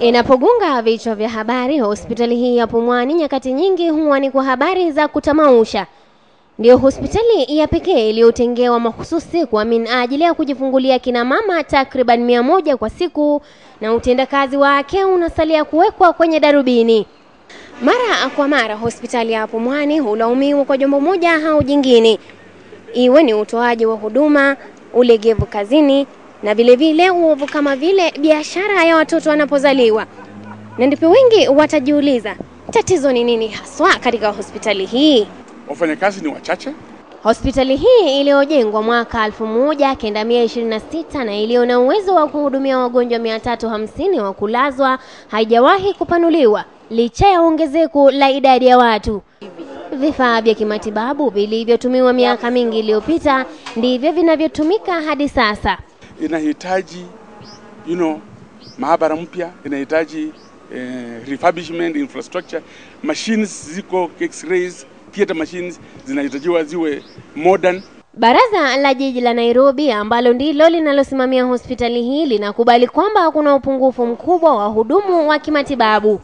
inapogunga vichwa vya habari, hospitali hii ya Pumwani nyakati nyingi huwa ni kwa habari za kutamausha. ndio hospitali ya pekee iliyotengewa mahususi kwa minajili ya kujifungulia kina mama takriban mia moja kwa siku, na utendakazi wake unasalia kuwekwa kwenye darubini. Mara kwa mara hospitali ya Pumwani hulaumiwa kwa jambo moja au jingine, iwe ni utoaji wa huduma, ulegevu kazini na vilevile uovu kama vile biashara ya watoto wanapozaliwa, na ndipo wengi watajiuliza tatizo ni nini haswa katika hospitali hii. Wafanyakazi ni wachache. Hospitali hii iliyojengwa mwaka 1926 na iliyo na uwezo wa kuhudumia wagonjwa 350 wa kulazwa haijawahi kupanuliwa licha ya ongezeko la idadi ya watu. Vifaa vya kimatibabu vilivyotumiwa miaka mingi iliyopita ndivyo vinavyotumika hadi sasa inahitaji you know, maabara mpya inahitaji eh, refurbishment infrastructure, machines ziko x-rays, theater machines zinahitajiwa ziwe modern. Baraza la Jiji la Nairobi ambalo ndilo linalosimamia hospitali hii linakubali kwamba kuna upungufu mkubwa wa hudumu wa kimatibabu.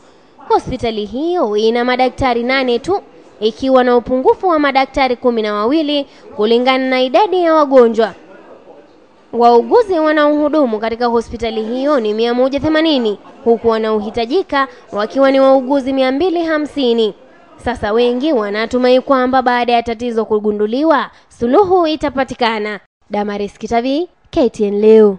Hospitali hiyo ina madaktari nane tu ikiwa na upungufu wa madaktari kumi na wawili kulingana na idadi ya wagonjwa. Wauguzi wanaohudumu katika hospitali hiyo ni 180 huku wanaohitajika wakiwa ni wauguzi 250. Sasa wengi wanatumai kwamba baada ya tatizo kugunduliwa, suluhu itapatikana. Damaris Kitavi, KTN leo.